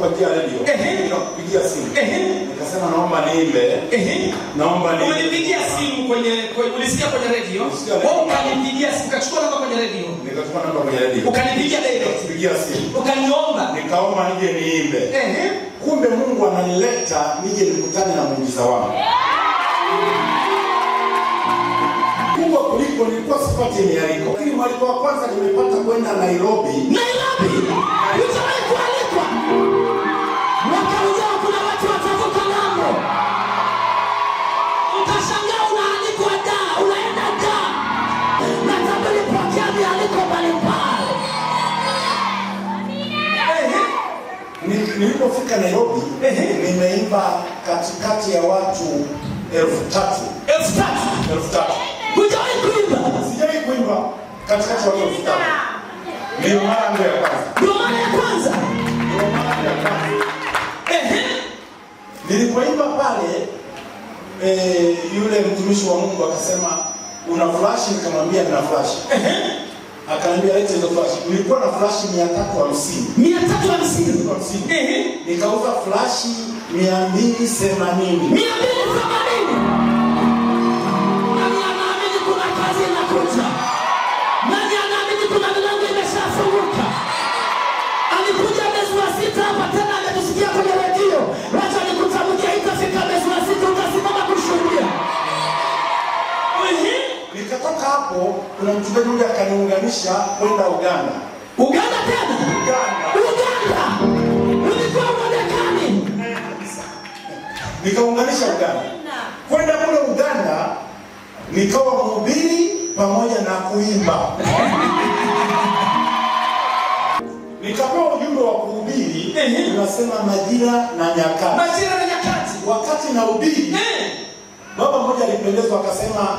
kupatia redio. Ehe. Nikapigia simu. Ehe. Nikasema naomba niimbe. Ehe. Naomba niimbe. Ulinipigia simu kwenye ulisikia kwenye redio? Wewe ukanipigia simu, kachukua namba kwenye redio. Nikachukua namba kwenye redio. Ukanipigia leo. Nikapigia simu. Ukaniomba. Nikaomba nije niimbe. Ehe. Kumbe Mungu ananileta nije nikutane na muujiza wangu. Kubwa kuliko nilikuwa sipati mialiko. Lakini mwaliko wa kwanza nimepata kwenda Nairobi. Nairobi. nilipofika Nairobi nimeimba katikati ya watu elfu tatu elfu tatu elfu tatu Hujawahi kuimba? Sijawahi kuimba katikati ya watu elfu tatu Ndio mara ya kwanza. Ndio mara ya kwanza. Ndio mara ya kwanza. Ehe. Nilipoimba pale eh, yule mtumishi wa Mungu akasema una flash, nikamwambia nina flash. Ehe. Akaniambia leta hizo flash. Nilikuwa na flash 350. 350. Eh eh. Nikauza flash 280. 280. kuna mchungaji mmoja akaniunganisha kwenda Uganda. Uganda tena? Uganda. Uganda. Ulikuwa unaenda gani? Nikaunganisha Uganda. Kwenda kule Uganda nikawa mhubiri pamoja na kuimba. Nikapewa ujumbe wa kuhubiri, unasema majira na nyakati. Majira na nyakati. Wakati na ubiri. Eh. Baba mmoja alipendezwa akasema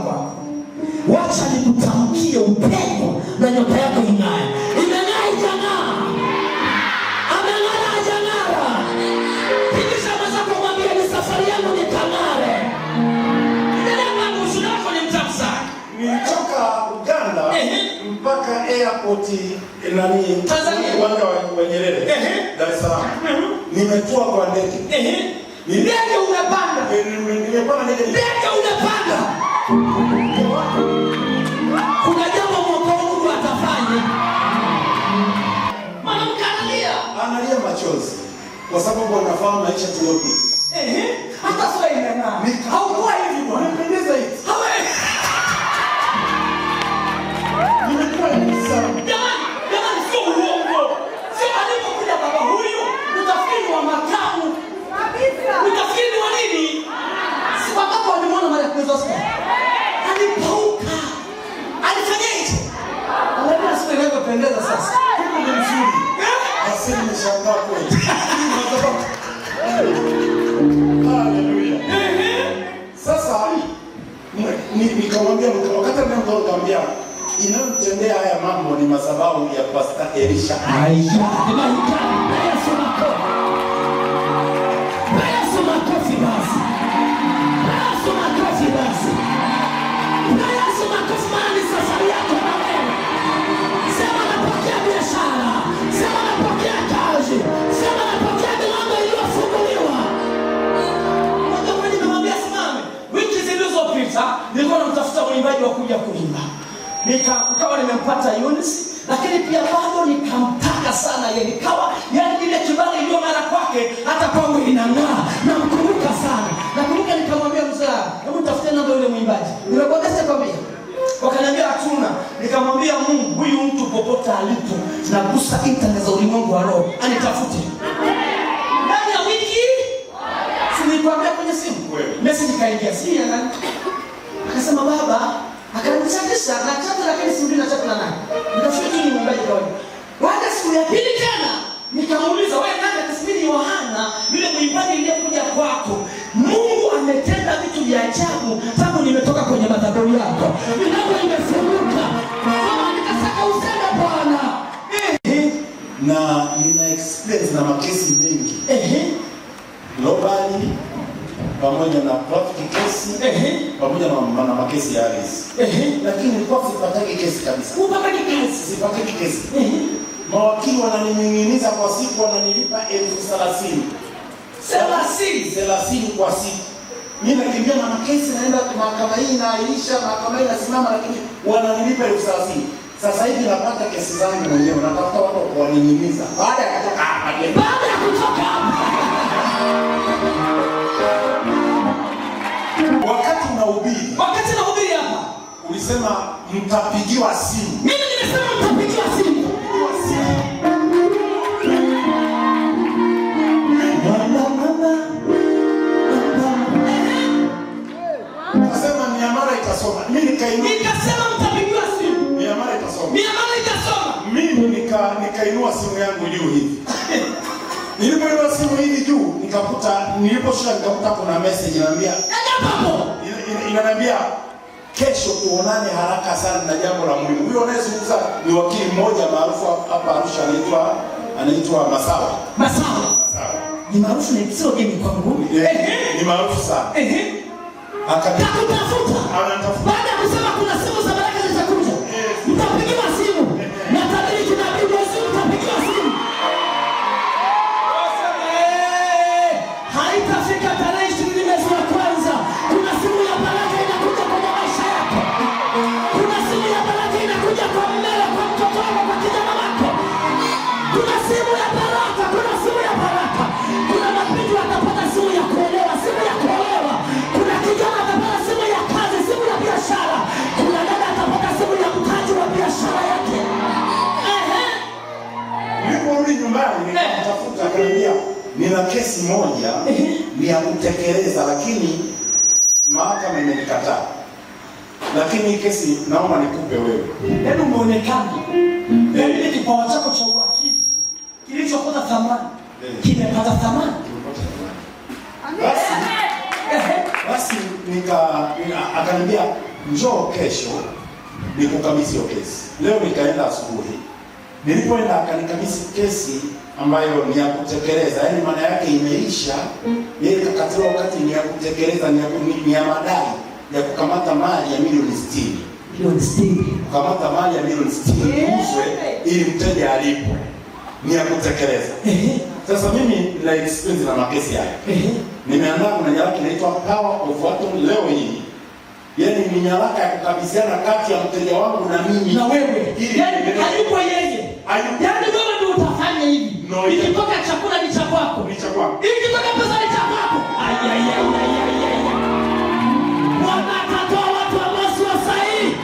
airport eh, nani Tanzania uwanja wa Nyerere Dar es Salaam mhm. nimetua kwa ndege ehe ni ndege unapanda eh, nimepanda ndege ndege unapanda kuna jambo mwokovu Mungu atafanya mwanamke analia analia machozi kwa sababu anafahamu maisha tuliyopitia ehe hata sio ingana haukuwa hivi bwana kupendeza sasa. Hebu ni mzuri. Basi nimeshangaa kweli. Sasa nikamwambia wakati haya mambo ni madhabahu ya Pastor Elisha Aisha. nikakawa nimempata Yunus, lakini pia bado nikamtaka sana yeye, nikawa yani ile kibali iliyo mara kwake hata kwangu inang'aa, namkumbuka sana. Nakumbuka nikamwambia mzee, hebu tafute namba yule mwimbaji, kwa mimi wakaniambia hatuna. Nikamwambia Mungu, huyu mtu popote alipo, nagusa internet za ulimwengu wa roho, anitafute ndani ya wiki. Si nilikwambia kwenye simu, message kaingia, si yana Akasema baba Nilichakisha na chatu lakini si mbili na chatu na nani. Nikafikiri ni mwombaji kwa hiyo. Baada siku ya pili tena nikamuuliza wewe nani atasmini Yohana yule mwimbaji aliyekuja kwako. Mungu ametenda vitu vya ajabu tangu nimetoka kwenye madhabahu yako. Milango imefunguka. Kama nikasaka useme Bwana. Eh. Na nina experience na makesi mengi. Eh. Globally pamoja na traffic kesi pamoja na na makesi ya ardhi, lakini kwa sipataki kesi kabisa, upataki kesi, sipataki kesi. Mawakili wananiminginiza kwa siku, wananilipa elfu thelathini thelathini thelathini kwa siku. Mimi nakimbia na makesi, naenda mahakama hii inaahirisha, mahakama hii inasimama, lakini wananilipa elfu thelathini. Sasa hivi napata kesi zangu mwenyewe, natafuta watu wa kuwaning'iniza baada ya kutoka hapa, baada ya kutoka hapa ulisema mtapigiwa simu. Mimi nimesema mtapigiwa simu. nikainua. simu. yangu juu hivi. Nilipoinua simu juu nikakuta nikakuta kuna message inaniambia. Inaniambia Kesho tuonane haraka sana na jambo la muhimu. Huyo anayezungumza ni wakili mmoja maarufu hapa Arusha, anaitwa anaitwa Masawa. Masawa. Masawa. Ni maarufu na sio geni kwangu. Ni eh, eh. ni maarufu sana. Ehe. Akatafuta. Anatafuta. Baada ya kusema kuna simu za kesi moja ni ya kutekeleza, lakini mahakama imenikataa. Lakini hii kesi naomba nikupe wewe, yaani umeonekana, yaani eh. kipawa chako cha uwakili kilichopata eh. thamani kimepata thamani. Basi nika akaniambia njoo kesho nikukabidhi hiyo kesi. Leo nikaenda asubuhi, nilipoenda akanikabidhi kesi ambayo ni ya kutekeleza, yaani maana yake imeisha. Yeye yaani kakatiwa wakati ni ya kutekeleza, ni ya madai ya kukamata mali ya milioni sitini kukamata mali ya milioni sitini kuuzwe ili mteja alipo, ni ya kutekeleza. Sasa mimi na experience na makesi haya, nimeandaa kuna nyaraka inaitwa power of attorney leo hii Yaani ni nyaraka ya kukabidhiana kati ya mteja wangu na mimi na wewe. Yaani alipo yeye. Alipo yaani unafanya hivi. No, ikitoka chakula ni cha kwako. Ni cha kwako. Ikitoka pesa ni cha kwako. Bwana atatoa watu ambao sio sahihi.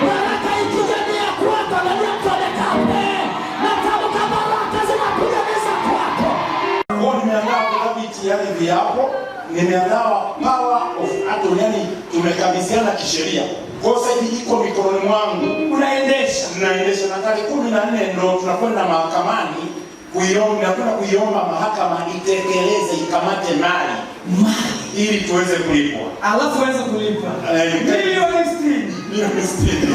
Baraka ikija ni ya kwako na ni ya kutoka hapo. baraka zinakuja ni kwako. Kwa nimeandaa kwa vitiyani viapo, nimeandaa power of attorney, tumekabidhiana kisheria. Kwa usaidi iko mikononi mwangu, unaendesha unaendesha. Na tarehe 14 na ndo tunakwenda mahakamani kuiomba, nakwenda kuiomba mahakama itekeleze, ikamate mali Mali ili tuweze kulipwa, alafu uweze kulipwa. Eh, milioni sitini milioni sitini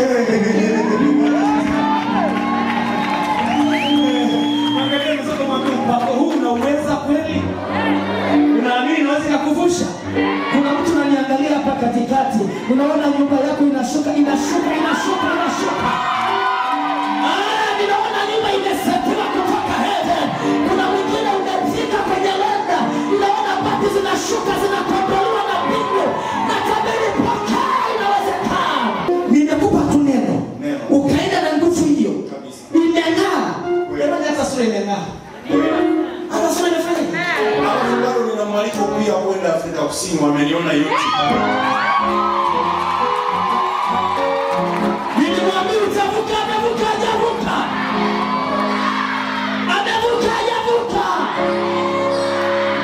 Unauweza kweli? Unaamini unaweza kuvusha? Kuna mtu ananiangalia hapa katikati, unaona nyumba yako inashuka, inashuka, inashuka, inashuka. Ah, ninaona nyumba imesetiwa kutoka heaven. Kuna mwingine umefika kwenye lenda, ninaona bati zinashuka, na mbingu. Natabiri inawezekana. Nimekupa tu neno, ukaenda na nguvu hiyo, imeng'aa. hata sura imeng'aa, Afrika Kusini, wameniona